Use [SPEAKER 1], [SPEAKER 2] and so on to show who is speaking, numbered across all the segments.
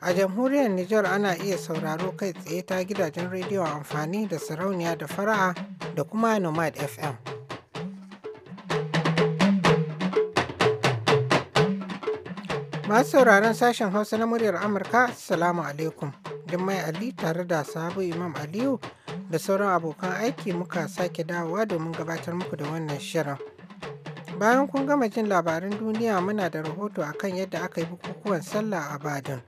[SPEAKER 1] A jamhuriyar Nijar ana iya sauraro kai tsaye ta gidajen rediyo amfani da sarauniya da fara'a da kuma Nomad FM. Masu sauraron sashen Hausa na muryar Amurka, Salamu alaikum. Jummai Ali tare da sabu Imam Aliyu da sauran abokan aiki muka sake dawowa domin gabatar muku da wannan shirin. Bayan kun gama jin labarin duniya muna da rahoto akan yadda aka yi bukukuwan sallah a Badin.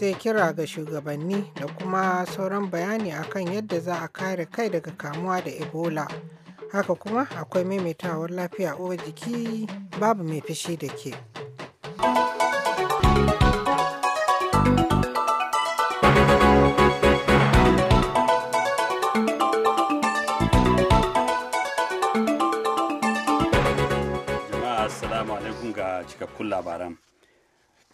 [SPEAKER 1] zai kira ga shugabanni da kuma sauran bayani akan yadda za a kare kai daga kamuwa da ebola haka kuma akwai maimaitawar lafiya uwa jiki babu mai fishi da ke
[SPEAKER 2] jama'a assalamu alaikum ga cikakkun labaran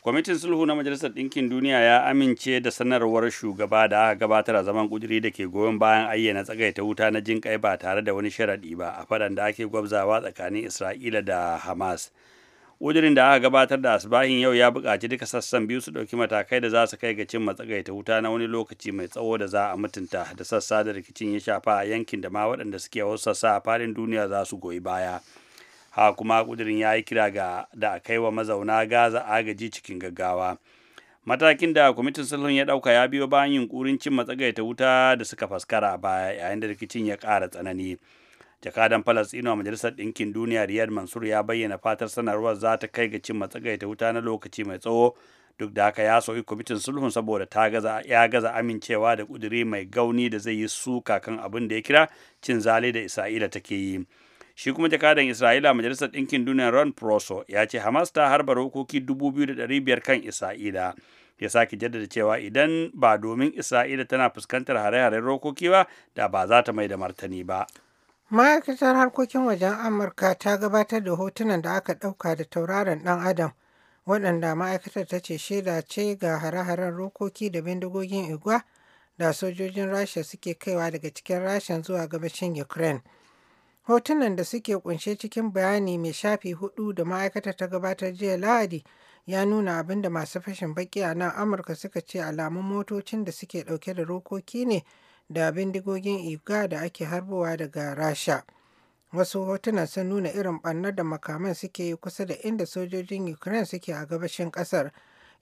[SPEAKER 2] kwamitin sulhu na majalisar ɗinkin duniya ya amince da sanarwar shugaba da aka gabatar a zaman kuduri da ke goyon bayan ayyana ta wuta na jin ba tare da wani sharaɗi ba a faɗan da ake gwabzawa tsakanin isra'ila da hamas ƙudurin da aka gabatar da asibahin yau ya buƙaci duka sassan biyu su ɗauki matakai da za su kai ga cin ta wuta na wani lokaci mai tsawo da za a mutunta da sassa da rikicin ya shafa a yankin da ma waɗanda suke wasu sassa a faɗin duniya za su goyi baya. ha kuma kudirin ya yi kira ga da a kaiwa mazauna gaza agaji cikin gaggawa matakin da kwamitin sulhun ya dauka ya biyo bayan yunkurin cin matsagaita wuta da suka faskara a baya yayin da rikicin ya ƙara tsanani jakadan falastino a majalisar ɗinkin duniya riyad mansur ya bayyana fatar sanarwar za ta kai ga cin matsagaita wuta na lokaci mai tsawo duk da haka ya soki kwamitin sulhun saboda ta gaza ya gaza amincewa da kuduri mai gauni da zai yi suka kan abin da ya kira cin zale da isra'ila take yi shi kuma jakadan isra'ila majalisar ɗinkin duniya ron proso ya ce hamas ta harba rokoki 2,500 kan isra'ila ya sake jaddada cewa idan ba domin isra'ila tana fuskantar hare-haren rokoki ba da ba za ta mai da martani ba
[SPEAKER 1] ma'aikatar harkokin wajen amurka ta gabatar da hotunan da aka ɗauka da tauraron ɗan adam waɗanda ma'aikatar ta ce shaida ce ga hare-haren rokoki da bindigogin igwa da sojojin rasha suke kaiwa daga cikin rasha zuwa gabashin ukraine Hotunan da suke kunshe cikin bayani mai shafi hudu da ma'aikata ta gabatar jiya Lahadi ya nuna abin da masu fashin baki a nan Amurka suka ce alamun motocin da suke dauke da rokoki ne da bindigogin iga da ake harbowa daga Rasha. Wasu hotunan sun nuna irin ɓannar da makaman suke yi kusa da inda sojojin Ukraine suke a gabashin ƙasar,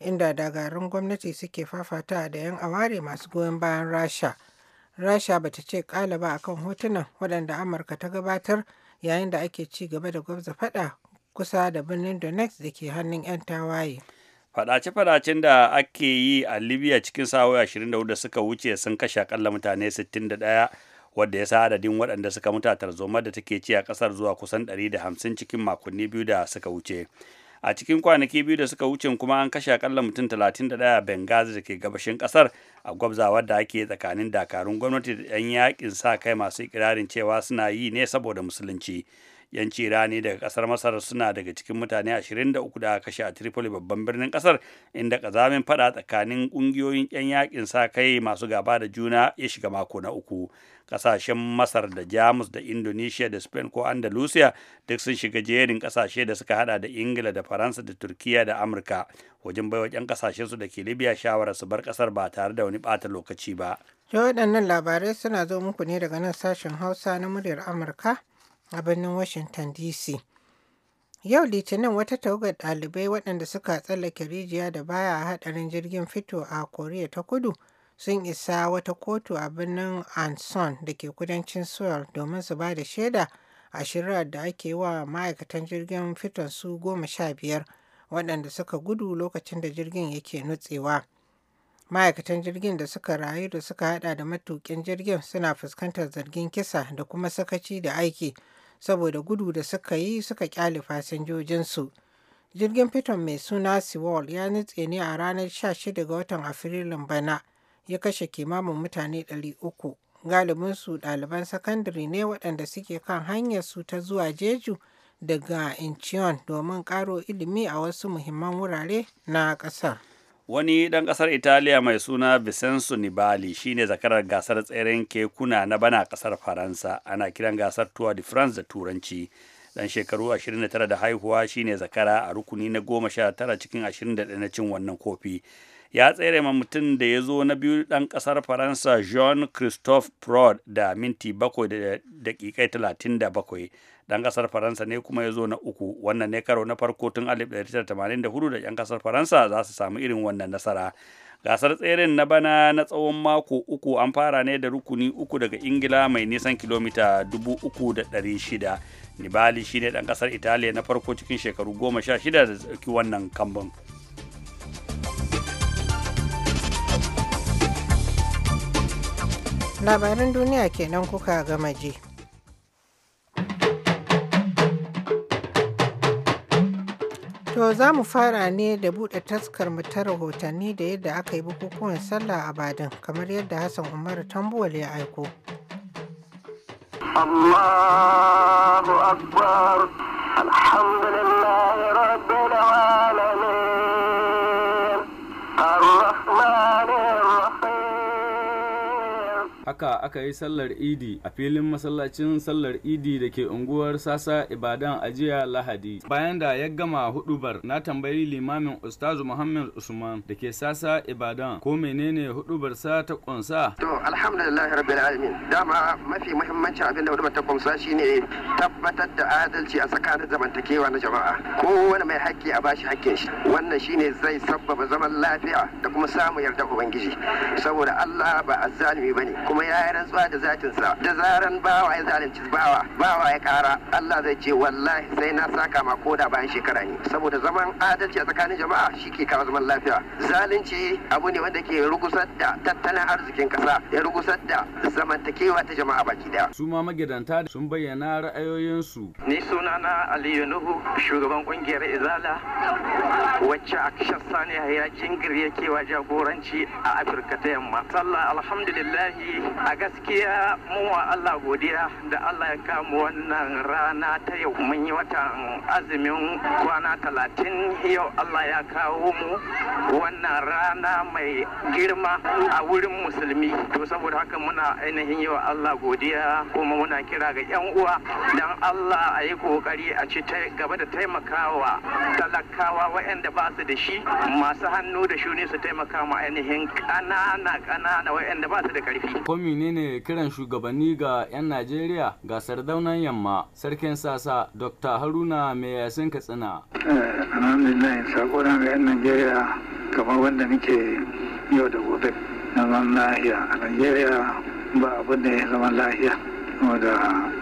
[SPEAKER 1] inda dagarun gwamnati suke fafata da 'yan aware masu goyon bayan Rasha. rasha bata ce kala ba akan hotunan waɗanda amurka ta gabatar yayin da ake ci gaba da gwamza faɗa kusa da birnin donetsk da ke hannun 'yan tawaye
[SPEAKER 2] fadace-fadacen da ake yi a Libya cikin sa'o'i 24 da suka wuce sun kashe akalla mutane 61 wadda ya sa adadin waɗanda suka mutu a da take ci a ƙasar zuwa kusan 150 cikin makonni biyu da suka wuce. a cikin kwanaki biyu da suka wuce kuma an kashe akalla mutum 31 a bengazi da ke gabashin kasar a gwabzawa da ake tsakanin dakarun gwamnati da 'yan yakin sa kai masu ikirarin cewa suna yi ne saboda musulunci yanci rani daga kasar masar suna daga cikin mutane 23 da kashe a tripoli babban birnin kasar inda kazamin fada tsakanin kungiyoyin yan yakin sa kai masu gaba da juna ya shiga mako na uku kasashen masar da jamus da indonesia da spain ko andalusia duk sun shiga jerin kasashe da suka hada da ingila da faransa da turkiya da amurka wajen baiwa yan kasashen su da ke libya shawarar su bar kasar ba tare da wani bata lokaci ba
[SPEAKER 1] waɗannan labarai suna zo muku ne daga nan sashen hausa na muryar amurka a birnin Washington DC. Yau Litinin wata tawagar ɗalibai waɗanda suka tsallake rijiya da baya a haɗarin jirgin fito a Koriya ta kudu sun isa wata kotu a birnin Anson da ke kudancin Seoul domin su ba da shaida a shirar da ake wa ma'aikatan jirgin fiton su goma sha biyar waɗanda suka gudu lokacin da jirgin yake nutsewa. Ma'aikatan jirgin da suka rayu da suka haɗa da matuƙin jirgin suna fuskantar zargin kisa da kuma sakaci da aiki. saboda gudu da suka yi suka kyale fasinjojinsu. Jirgin fiton mai suna siwal ya nutse ne a ranar 16 ga watan Afrilun bana ya kashe kimamin mutane 300. Galibinsu ɗaliban sakandare ne waɗanda suke kan hanyar su ta zuwa Jeju daga Incheon domin ƙaro ilimi a wasu muhimman wurare na ƙasar.
[SPEAKER 2] wani ɗan ƙasar italiya mai suna vicenzo nibali shine zakarar gasar tseren kekuna na bana ƙasar faransa ana kiran gasar tour de france da turanci dan shekaru 29 da haihuwa shine zakara a rukuni na 19 cikin 21 na cin wannan kofi ya tsere ma mutum da ya zo na biyu ɗan ƙasar faransa jean christophe prod da minti bakwai da daƙiƙai talatin da bakwai ɗan ƙasar faransa ne kuma ya zo na uku wannan ne karo na farko tun 1984 da 'yan ƙasar faransa za su samu irin wannan nasara gasar tseren na bana na tsawon mako uku an fara ne da rukuni uku daga ingila mai nisan kilomita 3,600 nibali shine ɗan ƙasar italiya na farko cikin shekaru goma sha shida da tsaki wannan kambun.
[SPEAKER 1] labaran duniya kenan kuka gama je To za mu fara ne da buɗe taskar mu ta rahotanni da yadda aka yi bukukuwan sallah a Badin kamar yadda Hassan Umar Tambuwal ya aiko.
[SPEAKER 3] Allahu Akbar Alhamdulillah Rabbil Alamin
[SPEAKER 4] haka aka yi sallar idi a filin masallacin sallar idi da ke unguwar sasa ibadan a jiya lahadi bayan da ya gama hudubar na tambayi limamin ustazu muhammad usman da ke sasa ibadan ko menene hudubar sa ta kunsa
[SPEAKER 3] to alhamdulillah rabbil alamin dama mafi muhimmancin abin da hudubar ta
[SPEAKER 1] kunsa shine tabbatar da adalci a tsakanin zamantakewa na jama'a kowane mai haƙƙi a bashi haƙƙin shi wannan shine zai sabbaba zaman lafiya da kuma samu yarda ubangiji saboda Allah ba azzalimi bane kuma kuma ya yi rantsuwa da sa da zaran bawa ya zalunci bawa bawa ya kara Allah zai ce wallahi sai na saka ma koda bayan shekara ne saboda zaman adalci a tsakanin jama'a shi ke kawo zaman lafiya zalunci abu ne wanda ke rugusar da tattalin arzikin kasa ya rugusar da zamantakewa ta jama'a baki daya
[SPEAKER 4] su ma magidanta sun bayyana ra'ayoyinsu
[SPEAKER 3] ni sunana Aliyu Nuhu shugaban kungiyar Izala wacce a kashin saniya ya jingir yake wa jagoranci a Afirka ta yamma sallah alhamdulillah a gaskiya mu wa Allah godiya da Allah ya kama wannan rana ta yau mun yi watan azumin kwana talatin yau Allah ya kawo mu wannan rana mai girma a wurin musulmi to saboda haka muna ainihin yi wa Allah godiya kuma muna kira ga 'yan uwa dan Allah a yi kokari a ci gaba da taimakawa talakawa waɗanda ba su da shi masu hannu da shuni su taimaka mu ainihin ƙanana ƙanana waɗanda ba su da ƙarfi.
[SPEAKER 4] menene kiran shugabanni ga 'yan Najeriya ga sardaunan yamma sarkin sasa Dr. Haruna mai yasin Katsina.
[SPEAKER 3] Eh, alhamdulillah sako na ga 'yan Najeriya kamar wanda nake yau da gobe zaman lahiya a Najeriya ba abin da ya zama lahiya. da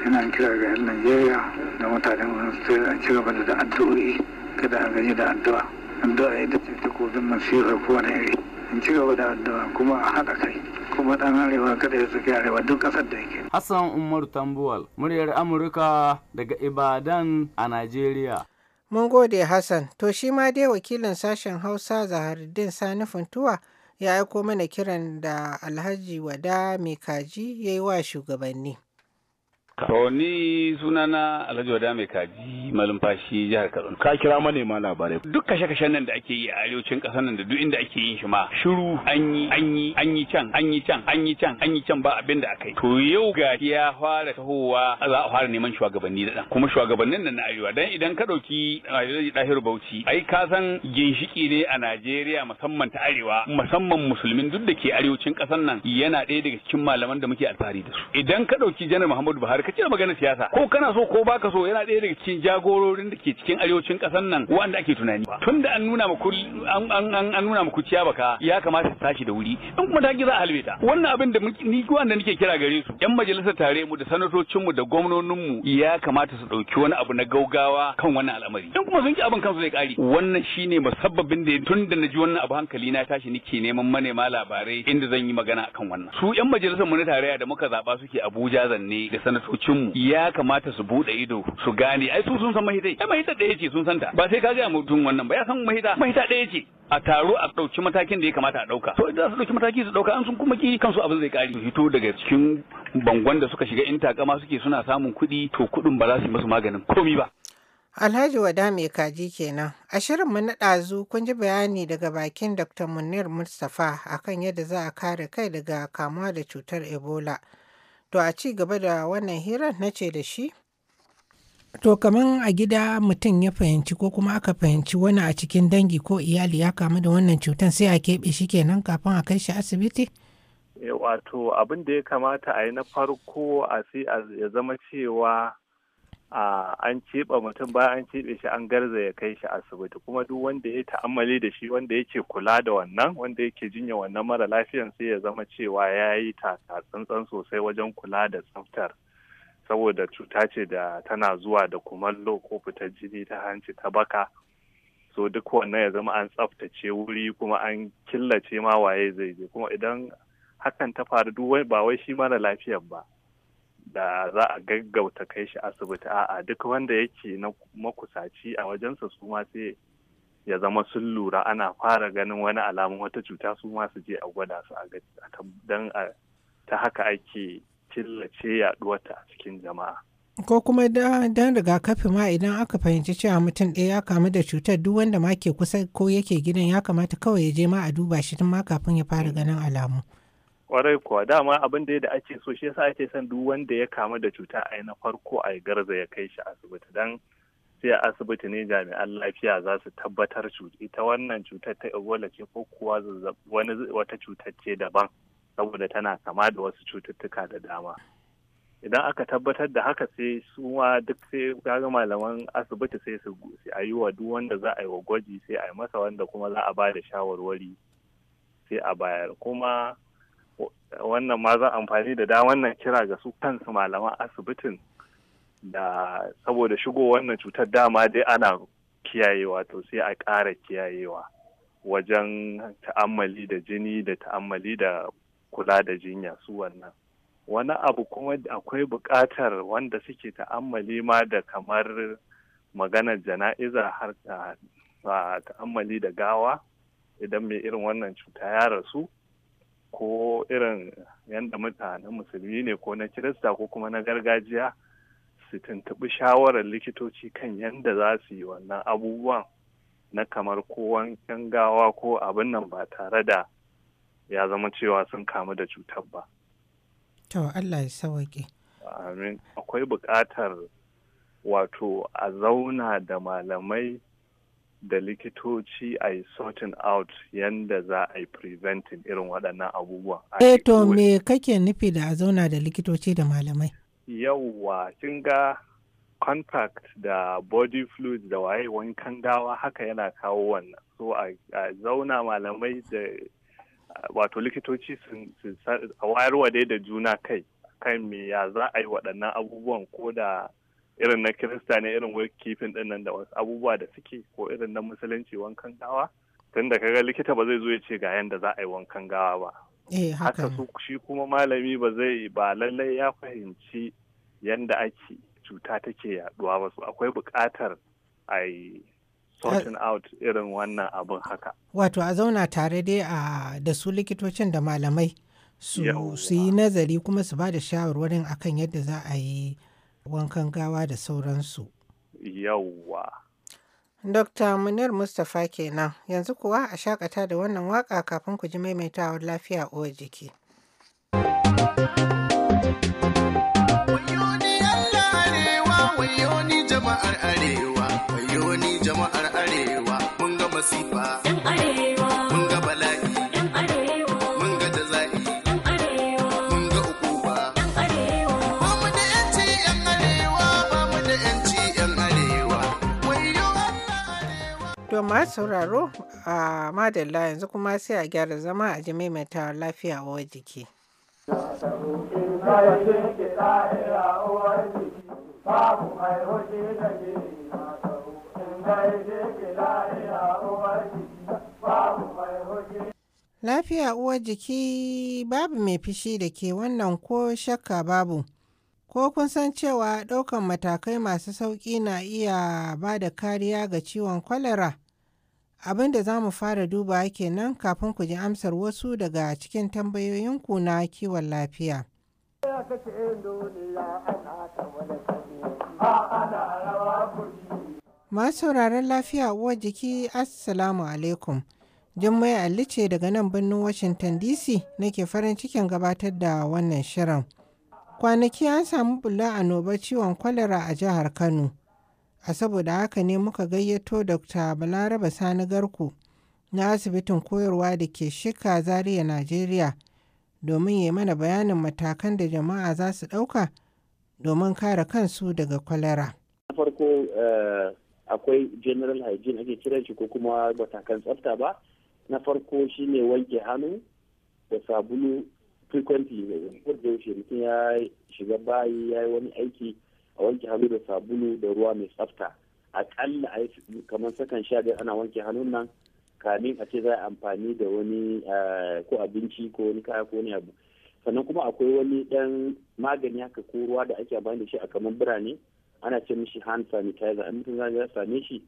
[SPEAKER 3] yana kira ga 'yan Najeriya da mutanen su ci gaba da addu'o'i kada a gani
[SPEAKER 5] da addu'a. Addu'a ita ce takobin masifar kowane iri. In ci gaba da addu'a kuma a
[SPEAKER 1] haɗa kai.
[SPEAKER 5] kuma arewa kada ya saki arewa duk ƙasar da yake
[SPEAKER 4] Hassan Umar Tambuwal muryar Amurka daga Ibadan a Najeriya
[SPEAKER 1] Mun gode Hassan to shi ma dai wakilin sashen Hausa Zaharuddin Sani Funtuwa ya aiko mana kiran da Alhaji Wada Mai Kaji ya yi wa shugabanni
[SPEAKER 4] To sunana Alhaji Wada mai kaji malumfashi jihar Kaduna. Ka kira ma labarai. Duk kashe-kashen nan da ake yi a arewacin ƙasar nan da duk inda ake yin shi ma shiru an yi an yi an yi can an yi can an yi can an yi can ba abin da aka yi. To yau ga ya fara tahowa za a fara neman shugabanni da dan kuma shugabannin nan na arewa dan idan ka dauki eh, Alhaji Dahir Bauchi ai ka san ginshiki ne a Najeriya musamman ta arewa musamman musulmin duk da ke arewacin ƙasar nan yana ɗaya daga cikin malaman da muke alfahari da su. Idan ka dauki Janar Muhammadu Buhari cire maganar siyasa ko kana so ko baka so yana ɗaya daga cikin jagororin da ke cikin arewacin ƙasar nan wanda ake tunani Tunda an nuna maku an an nuna muku ciya baka ya kamata ta tashi da wuri in kuma taki za a halbe ta wannan abin da ni wanda nake kira gare su yan majalisar tare mu da sanatocin mu da gwamnonin mu ya kamata su ɗauki wani abu na gaugawa kan wannan al'amari in kuma sun ki abin kansu zai kare wannan shine musabbabin da tunda naji wannan abu hankali na tashi nake neman manema labarai inda zan yi magana akan wannan su yan majalisar mu na tarayya da muka zaba suke Abuja zanne da sanato mu ya kamata su bude ido su gane ai su sun san mahidai ai mahidar ɗaya ce sun santa ba sai ka ga mutum wannan ba ya san mahita mahita ɗaya ce a taro a ɗauki matakin da ya kamata a ɗauka to idan su ɗauki mataki su ɗauka an sun kuma ki kansu abin zai kare hito daga cikin bangon da suka shiga in takama suke suna samun kuɗi to kuɗin ba za su yi musu maganin komi ba
[SPEAKER 1] Alhaji Wada mai kaji kenan. A shirin mu na ɗazu kun ji bayani daga bakin Dr. Munir Mustapha akan yadda za a kare kai daga kamuwa da cutar Ebola. To a ci gaba da wannan hirar na ce da shi. To kamar a gida mutum ya fahimci ko kuma aka fahimci wani a cikin dangi ko iyali ya kamu da wannan cutar sai a keɓe shi kenan kafin a kai shi asibiti?
[SPEAKER 6] Eh, wato abin da ya kamata a yi na farko a ya zama cewa A an ceɓa mutum ba an ceɓe shi an garza ya kai shi asibiti kuma duk wanda ya ta'ammali da shi wanda yake kula da wannan wanda yake jinya wannan mara lafiyan sai ya zama cewa ya yi taka tsantsan sosai wajen kula da tsaftar saboda cuta ce da tana zuwa da kumallo ko fitar jini ta hanci ta baka so duk wannan ya zama an tsaftace wuri kuma an killace ma waye zai je kuma idan hakan ta faru duk ba wai shi mara lafiyan ba da za a gaggauta kai shi asibiti a'a duk wanda yake na makusaci a wajensa su ma sai ya zama sun lura ana fara ganin wani alamun wata cuta su ma su je a gwada su a don ta haka ake killace yaɗuwata a cikin jama'a.
[SPEAKER 1] Ko kuma don rigakafi ma idan aka fahimci cewa mutum ɗaya ya kamu da cutar duk wanda ma ke kusa ko yake gidan ya kamata kawai ya je ma a duba shi tun ma kafin ya fara ganin alamu.
[SPEAKER 6] kwarai kuwa dama abin da ake so shi yasa ake son duk wanda ya kamu da cuta a na farko a garza ya kai shi asibiti dan sai asibiti ne jami'an lafiya za su tabbatar cuta ita wannan cutar ta ebola ce ko kuwa wani wata cutar ce daban saboda tana kama da wasu cututtuka da dama idan aka tabbatar da haka sai su ma duk sai kaga malaman asibiti sai su a yi wa duk wanda za a yi wa gwaji sai a yi masa wanda kuma za a ba da shawarwari sai a bayar kuma wannan ma za amfani da da wannan kira ga su kansu malaman asibitin da saboda shigo wannan cutar dama dai ana kiyayewa to sai a ƙara kiyayewa wajen ta'ammali da jini da ta'ammali da kula da jinya su wannan wani abu kuma akwai buƙatar wanda suke ta'ammali ma da kamar maganar jana'iza har ah, ta'ammali da gawa idan mai irin wannan cuta ya rasu ko irin yadda mutanen musulmi ne ko na kirista ko kuma na gargajiya su tuntuɓi shawarar likitoci kan yadda za su yi wannan abubuwan na kamar ko wankan gawa ko abin nan ba tare da ya zama cewa sun kamu da cutar ba.
[SPEAKER 1] To Allah ya sawaƙe.
[SPEAKER 6] Amin. Akwai buƙatar wato a zauna da malamai da likitoci a yi sorting out yadda za a yi preventing irin waɗannan abubuwa.
[SPEAKER 1] Eto eh, me kake nufi da a zauna da likitoci da malamai?
[SPEAKER 6] Yawwa, kin ga contact da body fluids da waye wankan gawa haka yana kawo wannan. So a zauna malamai da wato likitoci a wayarwa dai da juna kai kan me ya za a yi waɗannan abubuwan ko da irin na kirista ne irin work keeping din nan da wasu abubuwa da suke ko irin na musulunci wankan gawa tun da kaga likita ba zai zo ya ce ga yanda za a yi wankan gawa ba
[SPEAKER 1] eh, haka su
[SPEAKER 6] shi kuma malami ba zai ba lallai ya fahimci yanda ake cuta take yaduwa ba su akwai buƙatar a yi sorting out irin wannan abin haka
[SPEAKER 1] wato a zauna tare dai a da su likitocin da malamai su yi nazari kuma su ba da shawarwarin akan yadda za a yi wankan gawa da sauransu.
[SPEAKER 6] Yawwa.
[SPEAKER 1] Dokta Munir Mustapha kenan yanzu kuwa a shakata da wannan waka kafin ku ji maimaitawar lafiya uwar jiki. sauraro a madalla yanzu kuma sai a gyara zama a ji maimaita lafiya wa jiki. Lafiya uwar jiki babu mai fishi da ke wannan ko shakka babu. Ko kun san cewa ɗaukan matakai masu sauƙi na iya ba da kariya ga ciwon kwalara? Abin da za mu fara duba kenan kafin ku ji amsar wasu daga cikin tambayoyinku na kiwon lafiya. Masu sauraron lafiya uwar jiki Assalamu alaikum. Jummai Ali ce daga nan birnin Washington DC nake farin cikin gabatar da wannan shirin. Kwanaki an samu bula a ciwon kwalara a jihar Kano. a saboda haka ne muka gayyato dr balaraba sani garko na asibitin koyarwa da ke shika zaria najeriya domin ya mana bayanin matakan da jama'a za su ɗauka domin kare kansu daga kwalara.
[SPEAKER 5] na farko eh, akwai general hygiene ake kiran shi ko kuma matakan tsafta ba na farko shine wanke hannu da sabulu frequently ne yaushe mutum ya shiga bayi ya yi wani aiki a wanke hannu da sabulu da ruwa mai tsafta aƙalla a yi kamar sakan sha biyar ana wanke hannun nan kamin a ce za a amfani da wani eh, ko abinci ko wani kaya ko wani abu sannan kuma akwai wani dan magani haka ko ruwa da ake amfani da shi a kamar birane ana ce mishi hand sanitizer in mutum zai same shi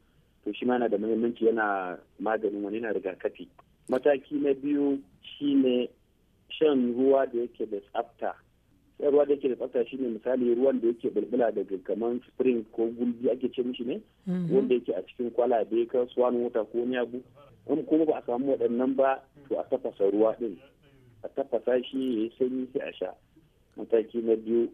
[SPEAKER 5] to shi ma yana da muhimmanci yana maganin wani yana rigakafi mataki na biyu shine shan ruwa da yake da tsafta sai ruwa da yake da tsafta shine misali ruwan da yake bulbula daga kaman spring ko gulbi ake ce mishi ne mhm. wanda yake a cikin kwalabe ka swan wuta ko wani abu in kuma ba a samu waɗannan ba to a tafasa ruwa din a tafasa shi ya yi sanyi sai a sha mataki na biyu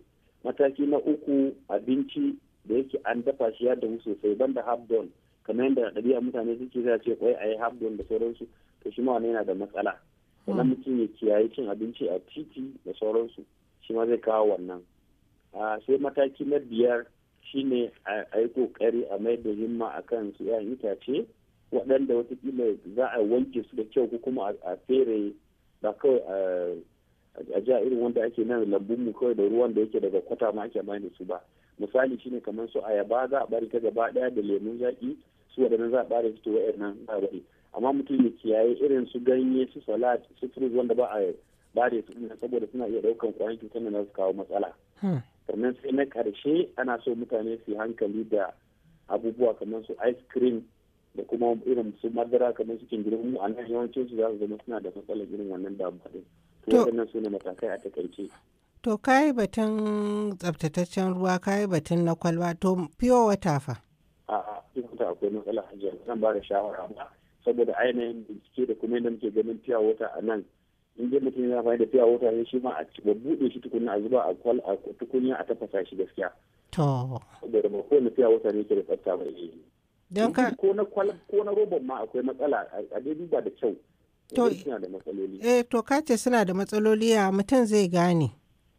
[SPEAKER 5] mataki na uku abinci da yake an dafa shi ya damu sosai banda habdon kamar yadda ɗabi'a mutane suke za a ce kwai a yi habdon da sauransu to shi ma yana da matsala sannan hmm. mutum ya kiyaye cin abinci a titi da sauransu shi ma zai kawo wannan sai mataki na biyar shine a yi kokari a mai da himma a kan su yan itace waɗanda watakila za a wanke su da kyau ko kuma a fere ba kawai a ja irin wanda ake nan lambun mu kawai da ruwan da yake daga kwata ma ake mai da su ba misali shine kamar su ayaba za a bari ta gaba ɗaya da lemun zaƙi su waɗannan za a bari su to wa'annan za a amma mutum ya kiyaye irin su ganye su salad su fruit wanda ba a da su ina saboda suna iya daukan kwayan cutar na su kawo matsala hmm. sannan sai na karshe ana so mutane su hankali da abubuwa kamar su ice cream da kuma irin su madara kamar su cin mu a nan yawancin su za su zama suna da matsalar irin wannan damuwa din to waɗannan su ne matakai a takaice
[SPEAKER 1] to kayi batun tsabtataccen ruwa kayi batun na kwalba to fiyo wata fa
[SPEAKER 5] a'a duk akwai matsala hajjiyar zan ba da shawara ba saboda ainihin bincike da kuma yadda muke ganin fiya wata a nan in mutum yana fahimta fiye fiya wata ne shi ma a buɗe shi tukunna a zuba a kwal a tukunya a tafasa shi gaskiya. To. Da ma kowane fiya wata ne ke da tsafta mai yi. Don ka. Ko na kwal ko na roban ma akwai matsala a dai duba da kyau. To. Suna da matsaloli.
[SPEAKER 1] Eh to ka ce suna da matsaloli a mutum zai gane.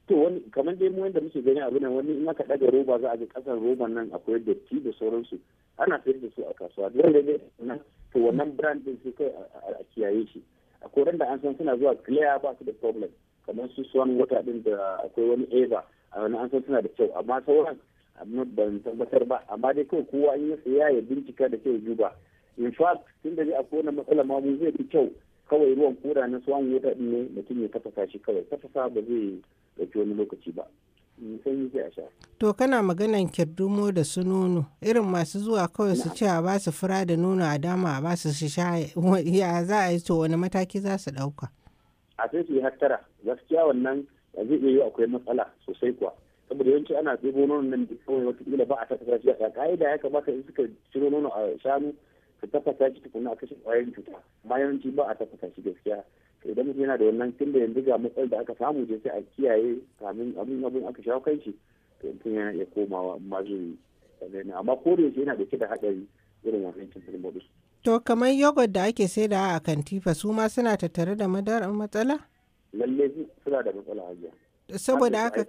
[SPEAKER 5] To wani kamar dai mu yanda muke gani abu nan wani in aka ɗaga roba za a ga ƙasar roban nan akwai datti da sauransu ana sayar da su a kasuwa. Dole ne to wannan brand din sai kai a kiyaye shi. akwai da an san suna zuwa clear ba su da problem kamar su swan wata din da akwai wani eva a wani an san suna da kyau amma sauran ban tabbatar ba amma dai kawai kowa in ya tsaya ya bincika da kyau duba in fact tun da akwai wani matsala ma mun zai fi kyau kawai ruwan koda na swan wata din ne mutum ya tafasa shi kawai tafasa ba zai dauki wani lokaci ba sanyi
[SPEAKER 1] to kana maganan kirdumo da su nono irin masu zuwa kawai su ce a ba su fura da nono a dama a ba su su sha ya za a yi to wani mataki za su ɗauka
[SPEAKER 5] a sai su yi hattara gaskiya wannan zai iya yi akwai matsala sosai kuwa saboda yawanci ana zubo nono nan da kawai watakila ba a tafasa shi a ka'ida ya kamata in suka ciro nono a shanu ka tafasa shi tukuna a kashe kwayoyin cuta ma yawanci ba a tafasa shi gaskiya idan mutum yana da wannan tun da yanzu ga matsal da aka samu da sai a kiyaye kamin abin abin aka shawo kai shi to mutum yana iya komawa amma zai yi amma ko da yana da kida haɗari irin wannan cutar modus.
[SPEAKER 1] to kamar yogurt da ake saida a kantifa su ma suna tattare da madarar matsala?
[SPEAKER 5] lalle suna da matsala
[SPEAKER 1] a saboda aka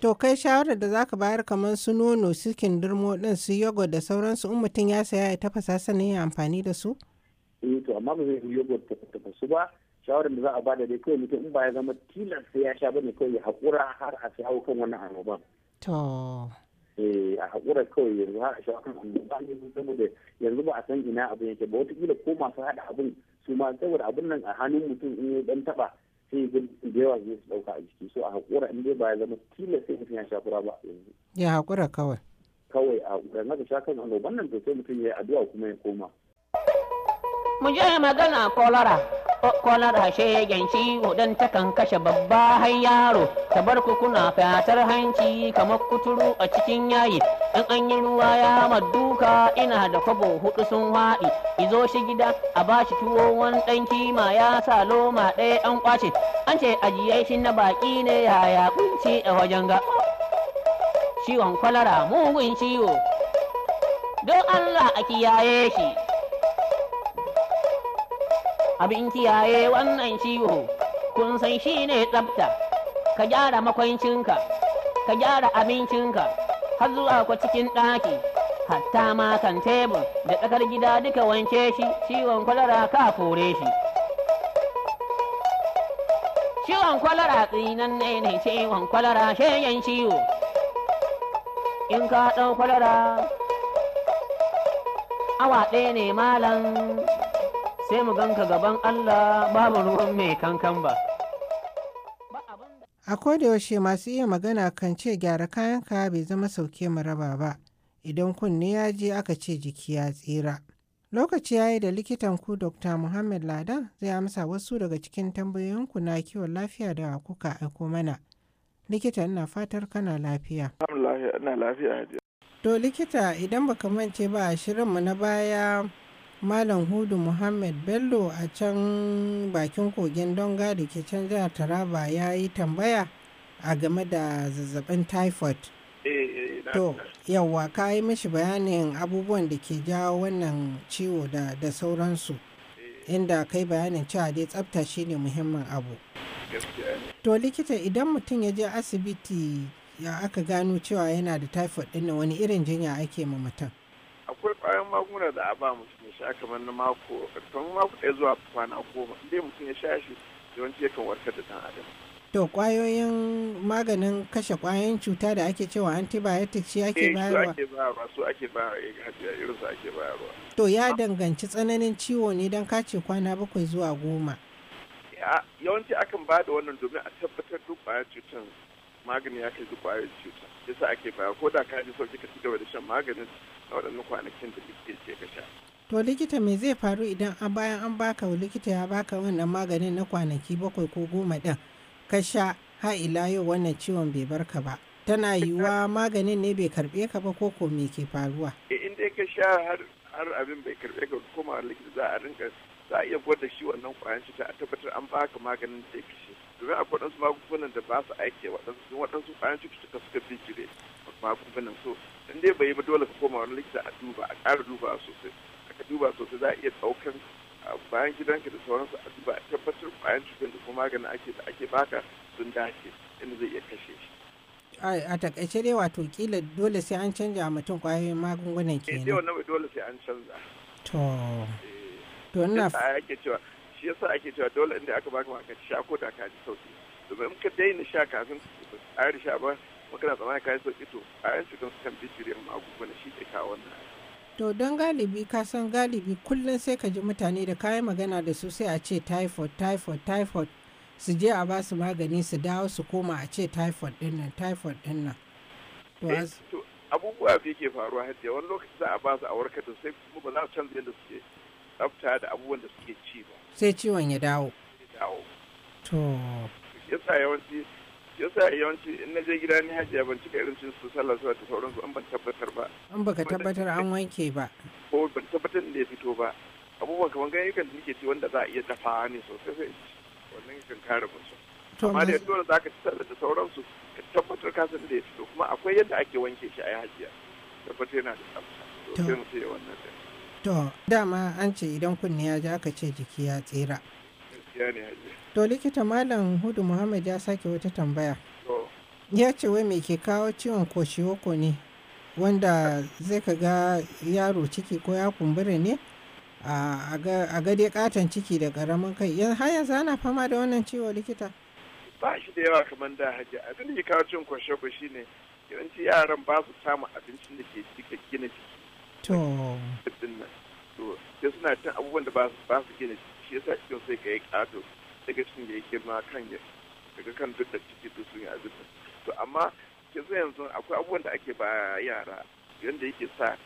[SPEAKER 1] to kai shawarar da zaka bayar kamar su nono su kindirmo din su yogurt da sauransu in mutum ya saya ya tafasa sanin ya amfani da su?
[SPEAKER 5] eh to amma ba zai yi yogurt ta tafasu ba shawarar da za a bada dai kawai mutum in ba ya zama tilas ya sha bane kawai ya haƙura har a shawo kan wannan annoban.
[SPEAKER 1] To.
[SPEAKER 5] Eh a haƙura kawai yanzu har a shawo kan annoba ne saboda yanzu ba a san ina abin yake ba wataƙila ko masu haɗa abin su ma saboda abin nan a hannun mutum in ya dan taɓa sai da yawa zai su ɗauka a jiki so a haƙura in dai ba ya zama tilas mutum ya sha fura ba yanzu.
[SPEAKER 1] Ya haƙura kawai.
[SPEAKER 5] Kawai a haƙura na ka sha kan annoban nan to sai mutum ya yi addu'a kuma ya koma.
[SPEAKER 1] mu je magana kolara kwanar shegen ciwo don kan kashe babba har yaro ta bar ku kuna fatar hanci kamar kuturu a cikin yayi in an yi ruwa ya maduka ina da kwabo hudu sun haɗi izo shi gida a bashi tuwo wani ɗan kima ya sa loma ɗaya an kwace an ce ajiye shi na baƙi ne yaya kunci a wajen ga ciwon kwalara mugun ciwo don allah a kiyaye shi abin kiyaye wannan ciwo kun san shi ne tsafta ka gyara makwancinka ka gyara abincinka har zuwa ku cikin ɗaki hatta ma kan tebur da tsakar gida duka wanke shi ciwon kwalara ka kore shi ciwon kwalara tsinan ne ne ciwon kwalara shayen ciwo in ka ɗau kwalara awa ɗaya ne malam sai mu ganka gaban Allah babu ruwan mai kankan ba. A yaushe masu iya magana kan ce gyara kayan ka bai zama sauke mu raba ba, idan kunne ya je aka ce jiki ya tsira. Lokaci ya yi da likitan ku Dr. Muhammad Ladan zai amsa wasu daga cikin tambayoyinku na kiwon lafiya da kuka aiko mana. Likita ina fatar kana lafiya.
[SPEAKER 3] Alhamdulillah ina lafiya
[SPEAKER 1] To likita idan baka mance ba a shirinmu na baya Malam Hudu Muhammad Bello a can bakin kogin Donga da ke can jihar Taraba ya yi tambaya a game da zazzabin typhoid. To, yawwa ka yi mishi bayanin abubuwan da ke jawo wannan ciwo da, sauransu, inda kai bayanin cewa dai tsafta shi ne muhimmin abu. To, likita idan mutum ya je asibiti ya aka gano cewa yana da typhoid ɗin wani irin jinya ake ma mutum?
[SPEAKER 3] magunguna da a ba mutum ya sha kamar na mako kamar mako ɗaya zuwa kwana goma inda mutum ya sha shi yawanci ya kan warkar da ɗan adam.
[SPEAKER 1] To kwayoyin maganin kashe kwayoyin cuta da ake cewa antibiotics shi ake bayarwa?
[SPEAKER 3] Eh, su ake bayarwa, su ake eh, irin su ake bayarwa. To ya
[SPEAKER 1] danganci tsananin ciwo ne don kace kwana bakwai zuwa goma.
[SPEAKER 3] Yawanci akan ba da wannan domin a tabbatar duk kwayar cutar magani ya kai duk kwayar cutar. Yasa ake bayar ko da ka ji sauki ka ci gaba da shan maganin a waɗannan kwanakin da likita ka sha.
[SPEAKER 1] To likita me zai faru idan a bayan an baka wa likita ya baka wannan maganin na kwanaki bakwai ko goma ɗin ka sha ha ila yau wannan ciwon bai barka ba. Tana yiwuwa maganin ne bai karɓe ka ba ko ko me ke faruwa?
[SPEAKER 3] Eh, in dai ka sha har har abin bai karɓe ka ko ma likita za a rinka za a iya gwada shi wannan kwayan cuta a tabbatar an baka maganin da ya shi domin akwai waɗansu magungunan da ba su aiki waɗansu waɗansu kwayan cuta suka bijire magungunan so in dai bai yi ba dole ka koma wani likita a duba a ƙara duba sosai aka duba sosai za a iya ɗaukan bayan gidanka da sauransu a duba a tabbatar bayan cutar da kuma maganin ake da ake baka sun dace inda zai iya kashe shi.
[SPEAKER 1] a takaice dai wato kila dole sai an canja mutum kwayoyin magungunan eh, kenan. eh wannan
[SPEAKER 3] dole sai an canza.
[SPEAKER 1] to eh, to ina fa
[SPEAKER 3] ake cewa shi yasa ake cewa dole inda aka baka maka sha ko da ka ji sauki domin in ka daina sha kafin ka sha ba kuma kana tsammanin kayan sauki to a yan cikin su kan bijire magunguna shi ke kawo wannan
[SPEAKER 1] to don galibi ka san galibi kullum sai ka ji mutane da kayan magana da su sai a ce typhoid typhoid typhoid su je a ba su magani su dawo su koma a ce typhoid din nan typhoid din nan to eh,
[SPEAKER 3] abubuwa fi ke faruwa hadda wani lokaci za a ba su a warkar da sai kuma ba za su canza yadda suke tsafta da abubuwan da suke ci ba
[SPEAKER 1] sai ciwon ya dawo ya dawo to
[SPEAKER 3] yasa yawanci yasa yawanci in na je gida ni hajiya ban cika irin cin su sallah zuwa ta sauransu an ban tabbatar ba
[SPEAKER 1] an baka tabbatar an wanke ba
[SPEAKER 3] ko ban tabbatar da ya fito ba abubuwan kamar ganin ganyayyukan da nake ci wanda za a iya dafa ne sosai sai wannan kan kare musu amma da yanzu yadda za ka ci sallah da sauransu ka tabbatar ka san da ya fito kuma akwai yadda ake wanke shi a yi hajiya tabbatar yana da tsafta
[SPEAKER 1] to dama an ce idan kunni ya ja ka ce jiki ya tsira gaskiya ne hajiya To likita Malam Hudu Muhammad ya sake wata tambaya. Ya ce wai me ke kawo ciwon koshiwoko ne wanda zai ka ga yaro ciki ko ya kumbura ne a ga dai katon ciki da karamin kai. Har yanzu ana fama da wannan ciwo likita.
[SPEAKER 3] Ba shi da yawa kamar da hajji abin da ke kawo ciwon koshiwoko shine yawanci yaran ba su samun abincin da ke cika gina jiki. To. To, suna cin abubuwan da ba su gina jiki shi yasa ciwon sai ka yi kato. daga cikin ya girma kan ya daga kan duk da ciki duk sun yi abin to amma yanzu yanzu akwai abubuwan da ake ba yara yanda yake sa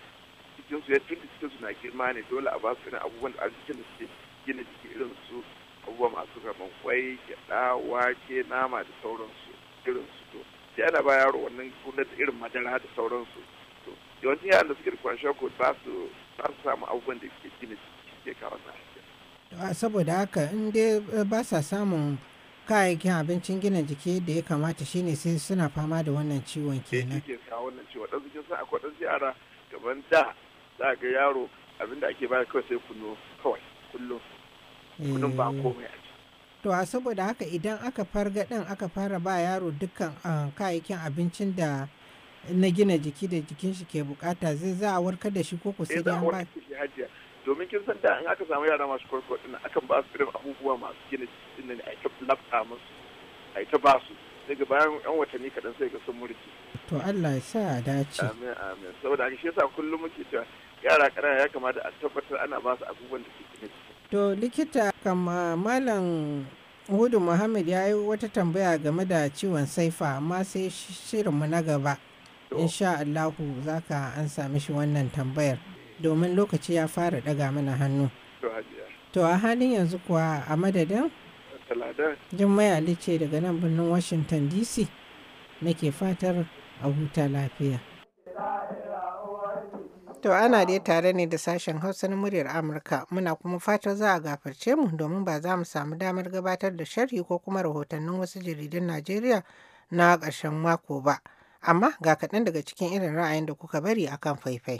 [SPEAKER 3] cikin su ya tun cikin su na girma ne dole a ba su irin abubuwan da cikin da suke gina jiki irin su abubuwa masu kaman kwai gyaɗa wake nama da sauransu irin su to sai ana ba yaro wannan da irin madara da sauransu to yawancin yaran da suke da kwanciyar ko ba su samu abubuwan da suke gina jiki ke kawo
[SPEAKER 1] saboda haka in dai eh, ba sa samun kayayyakin abincin gina jiki da ya kamata shine sai suna fama da wannan ciwon
[SPEAKER 3] kenan. Ke kawo wannan ciwo dan cikin sa akwai dan yara gaban da za ga yaro abinda ake bayar kawai sai kuno kawai kullum kunun ba eh. komai
[SPEAKER 1] a To a saboda haka idan aka farga din aka fara ba yaro dukkan ah, kayayyakin abincin da na gina jiki da jikin shi ke bukata zai za a warkar da shi ko ku sai eh, da ba.
[SPEAKER 3] domin kin san da in aka samu yara masu kwarkwar din akan ba su irin abubuwa masu gina jikin nan a ta lafta musu a ta ba su daga bayan yan watanni kaɗan sai ga sun murki.
[SPEAKER 1] to Allah ya sa a dace. amin
[SPEAKER 3] amin saboda haka shi yasa kullum muke cewa yara ƙanana ya kamata a tabbatar ana ba su abubuwan da ke gina jiki.
[SPEAKER 1] to likita kama malam Hudu Muhammad ya yi wata tambaya game da ciwon saifa amma sai shirin mu na gaba. Insha Allahu za ka an sami shi wannan tambayar. domin lokaci ya fara daga mana hannu. To a halin yanzu kuwa a madadin? Jummai Ali ce daga nan birnin Washington DC nake fatar a huta lafiya. To ana dai tare ne da sashen Hausa na muryar Amurka muna kuma fatar za a gafarce mu domin ba za mu samu damar gabatar da sharhi ko kuma rahotannin wasu jaridun Najeriya na ƙarshen mako ba. Amma ga kaɗan daga cikin irin ra'ayin da kuka bari akan faifai.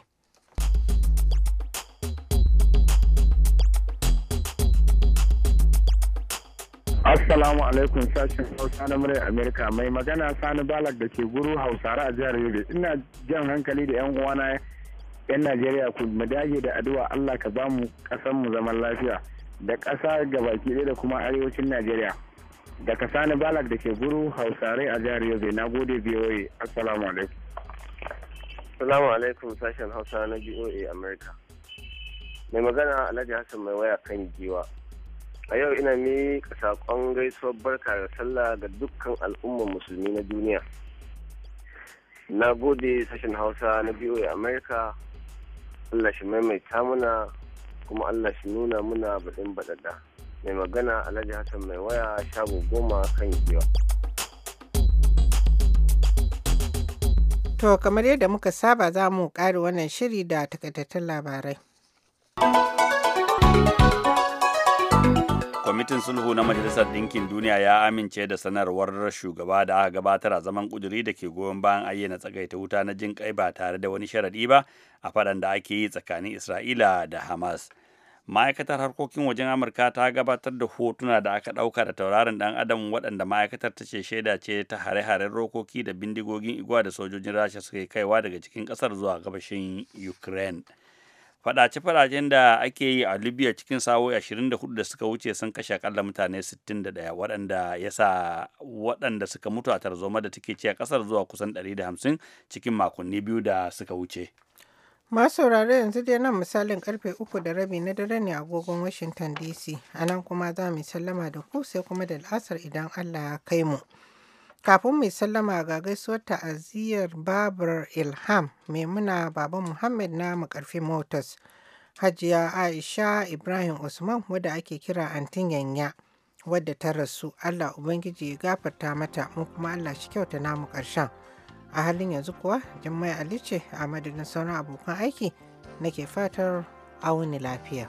[SPEAKER 5] Assalamu alaikum sashen Hausa na murai Amerika mai magana Sani Balak da ke guru Hausare a jihar Yobe. Ina jan hankali da 'yan uwana 'yan Najeriya ku mu dage da addu'a Allah ka ba mu mu zaman lafiya da ƙasa gabaki ɗaya da kuma arewacin Najeriya. Daga Sani Balak da ke guru Hausare a jihar Yobe na gode biyoyi. Assalamu alaikum. Assalamu alaikum sashen Hausa na VOA Amerika. Mai magana Alhaji Hassan mai waya kan giwa. a yau ina miƙa saƙon gaisuwar barka da sallah ga dukkan al'ummar musulmi na duniya na gode sashen hausa na biyu a amurka allah shi maimaita muna kuma allah shi nuna muna baɗin baɗaɗa mai magana alhaji hassan mai waya shago goma kan giwa
[SPEAKER 1] to kamar yadda muka saba za mu ƙare wannan shiri da takaitattun labarai
[SPEAKER 2] kwamitin sulhu na majalisar dinkin duniya ya amince da sanarwar shugaba da aka gabatar a zaman kuduri da ke goyon bayan ayyana tsagaita wuta na jin kai ba tare da wani sharaɗi ba a faɗan da ake yi tsakanin isra'ila da hamas ma'aikatar harkokin wajen amurka ta gabatar da hotuna da aka ɗauka da tauraron ɗan adam waɗanda ma'aikatar ta ce shaida ce ta hare-haren rokoki da bindigogin igwa da sojojin rasha suke kaiwa daga cikin ƙasar zuwa gabashin ukraine faɗace fadacen da ake yi a libya cikin sawo 24 da suka wuce sun kashe akalla mutane 61 waɗanda ya sa waɗanda suka mutu a tarzoma da take a ƙasar zuwa kusan 150 cikin makonni biyu da suka wuce
[SPEAKER 1] masu yanzu dai nan misalin karfe uku da rabi na dare ne agogon washington dc a nan kuma za mu sallama da ku sai kuma da la'asar idan allah ya kai mu. Kafin mai sallama ga gaisuwar ta'aziyyar Babur Ilham Maimuna Baba Muhammad na Makarfi Motors. Hajiya Aisha Ibrahim Usman wadda ake kira Antin Yanya wadda ta rasu Allah Ubangiji ya gafarta mata mu kuma Allah shi kyauta namu karshen A halin yanzu kuwa Jummai alice ce a madadin sauran abokan aiki nake fatar auni lafiya.